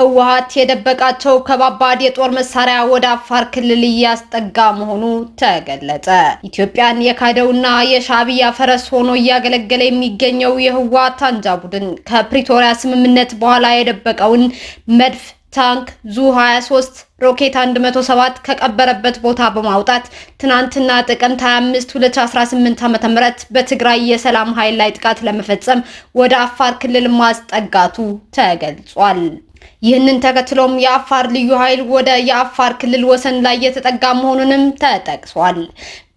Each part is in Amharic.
ህወሀት የደበቃቸው ከባባድ የጦር መሳሪያ ወደ አፋር ክልል እያስጠጋ መሆኑ ተገለጸ። ኢትዮጵያን የካደውና የሻዕቢያ ፈረስ ሆኖ እያገለገለ የሚገኘው የህወሀት አንጃ ቡድን ከፕሪቶሪያ ስምምነት በኋላ የደበቀውን መድፍ ታንክ ዙ 23 ሮኬት 107 ከቀበረበት ቦታ በማውጣት ትናንትና ጥቅምት 25 2018 ዓ.ም በትግራይ የሰላም ኃይል ላይ ጥቃት ለመፈጸም ወደ አፋር ክልል ማስጠጋቱ ተገልጿል። ይህንን ተከትሎም የአፋር ልዩ ኃይል ወደ የአፋር ክልል ወሰን ላይ የተጠጋ መሆኑንም ተጠቅሷል።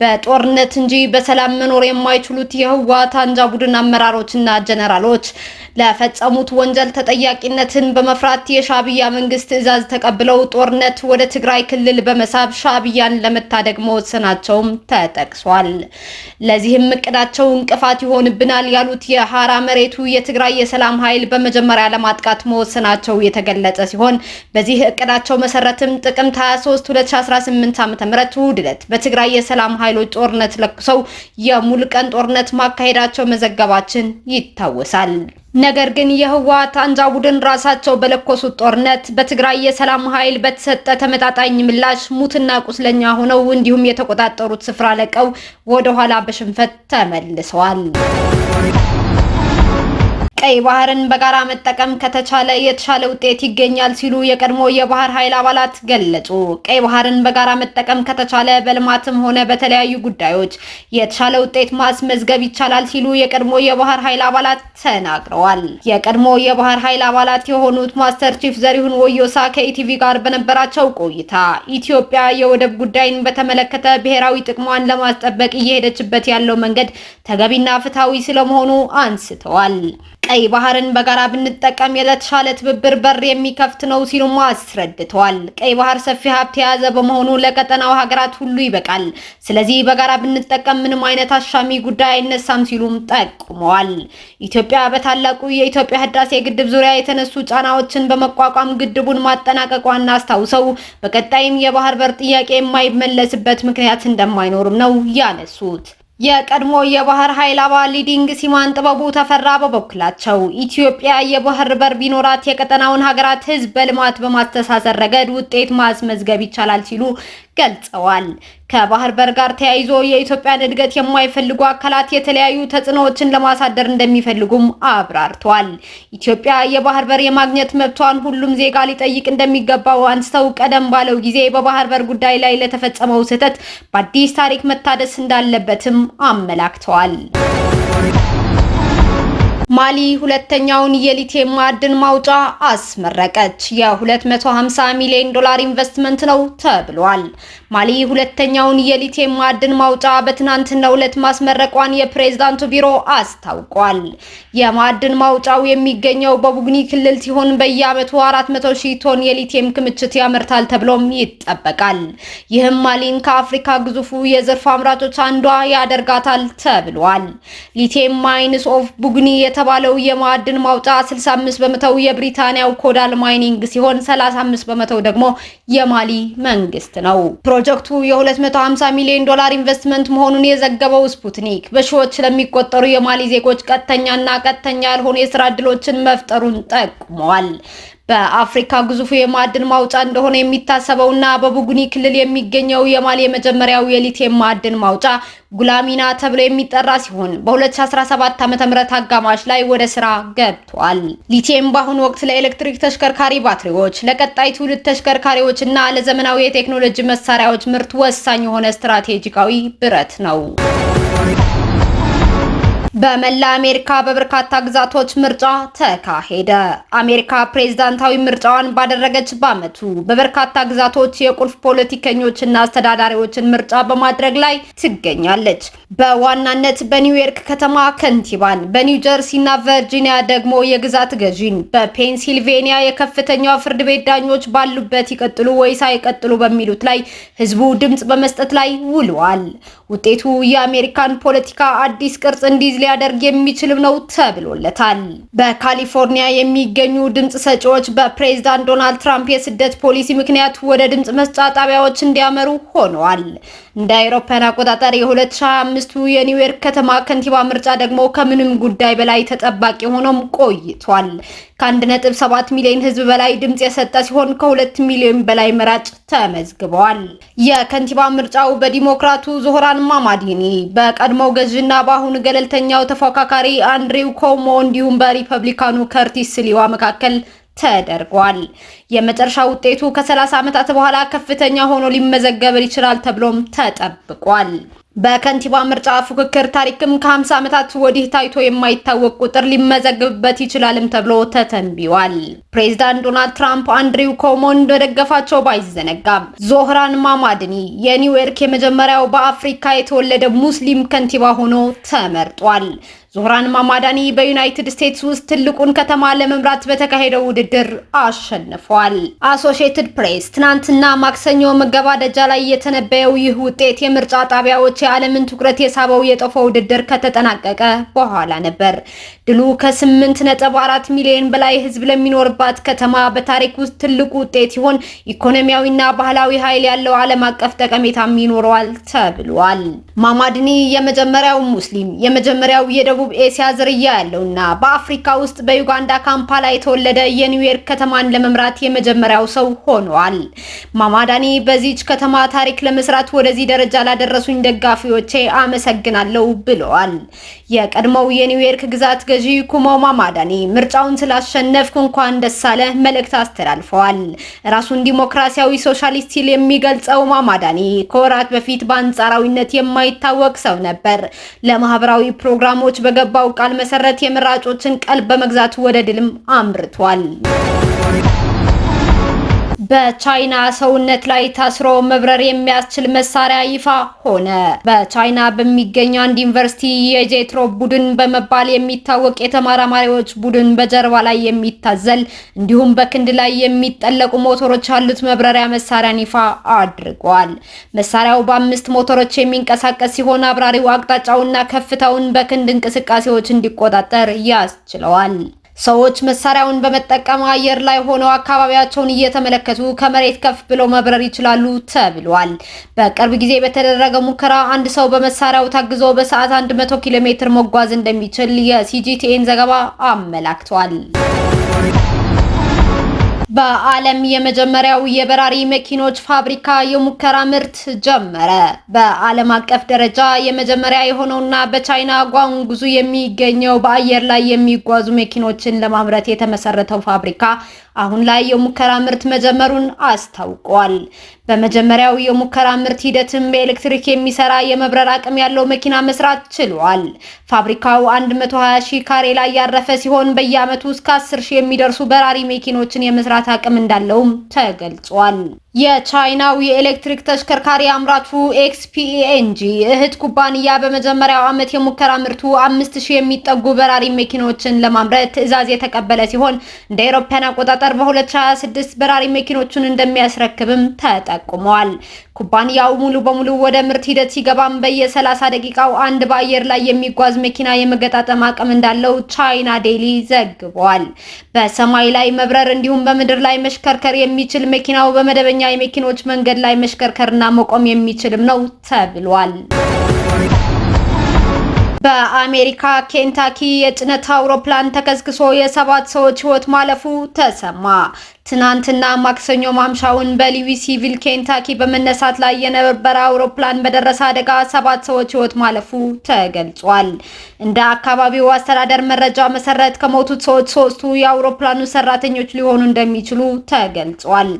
በጦርነት እንጂ በሰላም መኖር የማይችሉት የህወሓት አንጃ ቡድን አመራሮችና ጀነራሎች ለፈጸሙት ወንጀል ተጠያቂነትን በመፍራት የሻዕቢያ መንግስት ትዕዛዝ ተቀብለው ጦርነት ወደ ትግራይ ክልል በመሳብ ሻዕቢያን ለመታደግ መወሰናቸውም ተጠቅሷል። ለዚህም እቅዳቸው እንቅፋት ይሆንብናል ያሉት የሀራ መሬቱ የትግራይ የሰላም ኃይል በመጀመሪያ ለማጥቃት መወሰናቸው የተገለጸ ሲሆን በዚህ እቅዳቸው መሰረትም ጥቅምት 23 2018 ዓ.ም እሁድ በትግራይ የሰላም ኃይል ኃይሎች ጦርነት ለኩሰው የሙልቀን ጦርነት ማካሄዳቸው መዘገባችን ይታወሳል። ነገር ግን የህወሓት አንጃ ቡድን ራሳቸው በለኮሱት ጦርነት በትግራይ የሰላም ኃይል በተሰጠ ተመጣጣኝ ምላሽ ሙትና ቁስለኛ ሆነው እንዲሁም የተቆጣጠሩት ስፍራ ለቀው ወደኋላ በሽንፈት ተመልሰዋል። ቀይ ባህርን በጋራ መጠቀም ከተቻለ የተሻለ ውጤት ይገኛል ሲሉ የቀድሞ የባህር ኃይል አባላት ገለጹ። ቀይ ባህርን በጋራ መጠቀም ከተቻለ በልማትም ሆነ በተለያዩ ጉዳዮች የተሻለ ውጤት ማስመዝገብ ይቻላል ሲሉ የቀድሞ የባህር ኃይል አባላት ተናግረዋል። የቀድሞ የባህር ኃይል አባላት የሆኑት ማስተር ቺፍ ዘሪሁን ወዮሳ ከኢቲቪ ጋር በነበራቸው ቆይታ ኢትዮጵያ የወደብ ጉዳይን በተመለከተ ብሔራዊ ጥቅሟን ለማስጠበቅ እየሄደችበት ያለው መንገድ ተገቢና ፍትሐዊ ስለመሆኑ አንስተዋል። ቀይ ባህርን በጋራ ብንጠቀም የተሻለ ትብብር በር የሚከፍት ነው ሲሉም አስረድተዋል። ቀይ ባህር ሰፊ ሀብት የያዘ በመሆኑ ለቀጠናው ሀገራት ሁሉ ይበቃል። ስለዚህ በጋራ ብንጠቀም ምንም አይነት አሻሚ ጉዳይ አይነሳም ሲሉም ጠቁመዋል። ኢትዮጵያ በታላቁ የኢትዮጵያ ህዳሴ ግድብ ዙሪያ የተነሱ ጫናዎችን በመቋቋም ግድቡን ማጠናቀቋን አስታውሰው በቀጣይም የባህር በር ጥያቄ የማይመለስበት ምክንያት እንደማይኖርም ነው ያነሱት። የቀድሞ የባህር ኃይል አባል ሊዲንግ ሲማን ጥበቡ ተፈራ በበኩላቸው ኢትዮጵያ የባህር በር ቢኖራት የቀጠናውን ሀገራት ሕዝብ በልማት በማስተሳሰር ረገድ ውጤት ማስመዝገብ ይቻላል ሲሉ ገልጸዋል። ከባህር በር ጋር ተያይዞ የኢትዮጵያን እድገት የማይፈልጉ አካላት የተለያዩ ተጽዕኖዎችን ለማሳደር እንደሚፈልጉም አብራርተዋል። ኢትዮጵያ የባህር በር የማግኘት መብቷን ሁሉም ዜጋ ሊጠይቅ እንደሚገባው አንስተው ቀደም ባለው ጊዜ በባህር በር ጉዳይ ላይ ለተፈጸመው ስህተት በአዲስ ታሪክ መታደስ እንዳለበትም አመላክተዋል። ማሊ ሁለተኛውን የሊቴም ማዕድን ማውጫ አስመረቀች። የ250 ሚሊዮን ዶላር ኢንቨስትመንት ነው ተብሏል። ማሊ ሁለተኛውን የሊቴም ማዕድን ማውጫ በትናንትናው ዕለት ማስመረቋን የፕሬዝዳንቱ ቢሮ አስታውቋል። የማዕድን ማውጫው የሚገኘው በቡግኒ ክልል ሲሆን በየዓመቱ 400 ሺህ ቶን የሊቴም ክምችት ያመርታል ተብሎም ይጠበቃል። ይህም ማሊን ከአፍሪካ ግዙፉ የዘርፍ አምራቾች አንዷ ያደርጋታል ተብሏል። ሊቴም ማይንስ ኦፍ ቡግኒ የተ የተባለው የማዕድን ማውጫ 65 በመቶው የብሪታንያው ኮዳል ማይኒንግ ሲሆን 35 በመቶው ደግሞ የማሊ መንግስት ነው። ፕሮጀክቱ የ250 ሚሊዮን ዶላር ኢንቨስትመንት መሆኑን የዘገበው ስፑትኒክ በሺዎች ለሚቆጠሩ የማሊ ዜጎች ቀጥተኛና ቀጥተኛ ያልሆኑ የስራ ዕድሎችን መፍጠሩን ጠቁመዋል። በአፍሪካ ግዙፉ የማዕድን ማውጫ እንደሆነ የሚታሰበው በቡጉኒ ክልል የሚገኘው የማሊ የመጀመሪያው የሊቲየም ማዕድን ማውጫ ጉላሚና ተብሎ የሚጠራ ሲሆን በ2017 ዓ.ም አጋማሽ ላይ ወደ ስራ ገብቷል። ሊቲየም በአሁኑ ወቅት ለኤሌክትሪክ ተሽከርካሪ ባትሪዎች፣ ለቀጣይ ትውልድ ተሽከርካሪዎች እና ለዘመናዊ የቴክኖሎጂ መሳሪያዎች ምርት ወሳኝ የሆነ ስትራቴጂካዊ ብረት ነው። በመላ አሜሪካ በበርካታ ግዛቶች ምርጫ ተካሄደ። አሜሪካ ፕሬዝዳንታዊ ምርጫዋን ባደረገች በዓመቱ በበርካታ ግዛቶች የቁልፍ ፖለቲከኞችና አስተዳዳሪዎችን ምርጫ በማድረግ ላይ ትገኛለች። በዋናነት በኒውዮርክ ከተማ ከንቲባን፣ በኒው ጀርሲና ቨርጂኒያ ደግሞ የግዛት ገዢን፣ በፔንሲልቬኒያ የከፍተኛው ፍርድ ቤት ዳኞች ባሉበት ይቀጥሉ ወይስ አይቀጥሉ በሚሉት ላይ ህዝቡ ድምጽ በመስጠት ላይ ውሏል። ውጤቱ የአሜሪካን ፖለቲካ አዲስ ቅርጽ እንዲይዝ ሊያደርግ የሚችልም ነው ተብሎለታል። በካሊፎርኒያ የሚገኙ ድምፅ ሰጪዎች በፕሬዝዳንት ዶናልድ ትራምፕ የስደት ፖሊሲ ምክንያት ወደ ድምፅ መስጫ ጣቢያዎች እንዲያመሩ ሆነዋል። እንደ አውሮፓውያን አቆጣጠር የ2025ቱ የኒውዮርክ ከተማ ከንቲባ ምርጫ ደግሞ ከምንም ጉዳይ በላይ ተጠባቂ ሆኖም ቆይቷል። ከ1.7 ሚሊዮን ህዝብ በላይ ድምፅ የሰጠ ሲሆን ከ2 ሚሊዮን በላይ መራጭ ተመዝግበዋል። የከንቲባ ምርጫው በዲሞክራቱ ዞህራን ማማዲኒ በቀድሞው ገዥና በአሁኑ ገለልተኛ ዋነኛው ተፎካካሪ አንድሪው ኮሞ እንዲሁም በሪፐብሊካኑ ከርቲስ ሊዋ መካከል ተደርጓል። የመጨረሻ ውጤቱ ከ30 ዓመታት በኋላ ከፍተኛ ሆኖ ሊመዘገብ ይችላል ተብሎም ተጠብቋል። በከንቲባ ምርጫ ፉክክር ታሪክም ከ50 ዓመታት ወዲህ ታይቶ የማይታወቅ ቁጥር ሊመዘግብበት ይችላልም ተብሎ ተተንቢዋል። ፕሬዚዳንት ዶናልድ ትራምፕ አንድሪው ኮሞን እንደደገፋቸው ባይዘነጋም ዞህራን ማማድኒ የኒውዮርክ የመጀመሪያው በአፍሪካ የተወለደ ሙስሊም ከንቲባ ሆኖ ተመርጧል። ዞህራን ማማዳኒ በዩናይትድ ስቴትስ ውስጥ ትልቁን ከተማ ለመምራት በተካሄደው ውድድር አሸንፏል። አሶሺየትድ ፕሬስ ትናንትና ማክሰኞ መገባደጃ ላይ የተነበየው ይህ ውጤት የምርጫ ጣቢያዎች የዓለምን ትኩረት የሳበው የጦፈ ውድድር ከተጠናቀቀ በኋላ ነበር። ድሉ ከስምንት ነጥብ አራት ሚሊዮን በላይ ህዝብ ለሚኖርባት ከተማ በታሪክ ውስጥ ትልቁ ውጤት ሲሆን ኢኮኖሚያዊና ባህላዊ ኃይል ያለው ዓለም አቀፍ ጠቀሜታም ይኖረዋል ተብሏል። ማማድኒ የመጀመሪያው ሙስሊም የመጀመሪያው የደቡብ ኤስያ ዝርያ ያለውና በአፍሪካ ውስጥ በዩጋንዳ ካምፓላ የተወለደ የኒውዮርክ ከተማን ለመምራት የመጀመሪያው ሰው ሆኗል። ማማዳኒ በዚች ከተማ ታሪክ ለመስራት ወደዚህ ደረጃ ላደረሱኝ ደጋፊዎቼ አመሰግናለሁ ብለዋል። የቀድሞው የኒውዮርክ ግዛት ገዢ ኩሞማ ማዳኒ ምርጫውን ስላሸነፍኩ እንኳን ደሳለ መልእክት አስተላልፈዋል። ራሱን ዲሞክራሲያዊ ሶሻሊስት ሲል የሚገልጸው ማማዳኒ ከወራት በፊት በአንጻራዊነት የማይታወቅ ሰው ነበር። ለማህበራዊ ፕሮግራሞች በገባው ቃል መሰረት የምራጮችን ቀልብ በመግዛት ወደ ድልም አምርቷል። በቻይና ሰውነት ላይ ታስሮ መብረር የሚያስችል መሳሪያ ይፋ ሆነ። በቻይና በሚገኘው አንድ ዩኒቨርሲቲ የጄትሮ ቡድን በመባል የሚታወቅ የተመራማሪዎች ቡድን በጀርባ ላይ የሚታዘል እንዲሁም በክንድ ላይ የሚጠለቁ ሞተሮች ያሉት መብረሪያ መሳሪያን ይፋ አድርጓል። መሳሪያው በአምስት ሞተሮች የሚንቀሳቀስ ሲሆን አብራሪው አቅጣጫውና ከፍታውን በክንድ እንቅስቃሴዎች እንዲቆጣጠር ያስችለዋል። ሰዎች መሳሪያውን በመጠቀም አየር ላይ ሆነው አካባቢያቸውን እየተመለከቱ ከመሬት ከፍ ብለው መብረር ይችላሉ ተብሏል። በቅርብ ጊዜ በተደረገ ሙከራ አንድ ሰው በመሳሪያው ታግዞ በሰዓት 100 ኪሎ ሜትር መጓዝ እንደሚችል የሲጂቲኤን ዘገባ አመላክቷል። በዓለም የመጀመሪያው የበራሪ መኪኖች ፋብሪካ የሙከራ ምርት ጀመረ። በዓለም አቀፍ ደረጃ የመጀመሪያ የሆነውና በቻይና ጓንጉዙ የሚገኘው በአየር ላይ የሚጓዙ መኪኖችን ለማምረት የተመሰረተው ፋብሪካ አሁን ላይ የሙከራ ምርት መጀመሩን አስታውቋል። በመጀመሪያው የሙከራ ምርት ሂደትም በኤሌክትሪክ የሚሰራ የመብረር አቅም ያለው መኪና መስራት ችሏል። ፋብሪካው 120 ሺህ ካሬ ላይ ያረፈ ሲሆን በየዓመቱ እስከ 10 ሺህ የሚደርሱ በራሪ መኪኖችን የመስራት አቅም እንዳለውም ተገልጿል። የቻይናው የኤሌክትሪክ ተሽከርካሪ አምራቹ ኤክስፒኤንጂ እህት ኩባንያ በመጀመሪያው ዓመት የሙከራ ምርቱ አምስት ሺህ የሚጠጉ በራሪ መኪኖችን ለማምረት ትዕዛዝ የተቀበለ ሲሆን እንደ አውሮፓውያን አቆጣጠር በ2026 በራሪ መኪኖቹን እንደሚያስረክብም ተጠቁመዋል። ኩባንያው ሙሉ በሙሉ ወደ ምርት ሂደት ሲገባም በየ30 ደቂቃው አንድ በአየር ላይ የሚጓዝ መኪና የመገጣጠም አቅም እንዳለው ቻይና ዴሊ ዘግቧል። በሰማይ ላይ መብረር እንዲሁም በምድር ላይ መሽከርከር የሚችል መኪናው በመደበኛ መጠነኛ የመኪኖች መንገድ ላይ መሽከርከርና መቆም የሚችልም ነው ተብሏል። በአሜሪካ ኬንታኪ የጭነት አውሮፕላን ተከስክሶ የሰባት ሰዎች ሕይወት ማለፉ ተሰማ። ትናንትና ማክሰኞ ማምሻውን በሉዊስቪል ኬንታኪ በመነሳት ላይ የነበረ አውሮፕላን በደረሰ አደጋ ሰባት ሰዎች ሕይወት ማለፉ ተገልጿል። እንደ አካባቢው አስተዳደር መረጃ መሰረት ከሞቱት ሰዎች ሶስቱ የአውሮፕላኑ ሰራተኞች ሊሆኑ እንደሚችሉ ተገልጿል።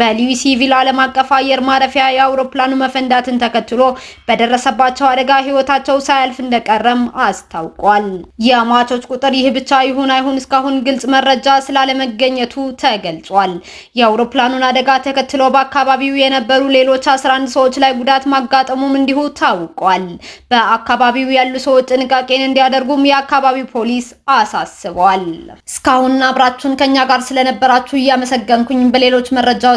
በሉዊስ ቪል ዓለም አቀፍ አየር ማረፊያ የአውሮፕላኑ መፈንዳትን ተከትሎ በደረሰባቸው አደጋ ህይወታቸው ሳያልፍ እንደቀረም አስታውቋል። የሟቾች ቁጥር ይህ ብቻ ይሁን አይሁን እስካሁን ግልጽ መረጃ ስላለመገኘቱ ተገልጿል። የአውሮፕላኑን አደጋ ተከትሎ በአካባቢው የነበሩ ሌሎች 11 ሰዎች ላይ ጉዳት ማጋጠሙም እንዲሁ ታውቋል። በአካባቢው ያሉ ሰዎች ጥንቃቄን እንዲያደርጉም የአካባቢው ፖሊስ አሳስቧል። እስካሁን አብራችሁን ከኛ ጋር ስለነበራችሁ እያመሰገንኩኝ በሌሎች መረጃዎች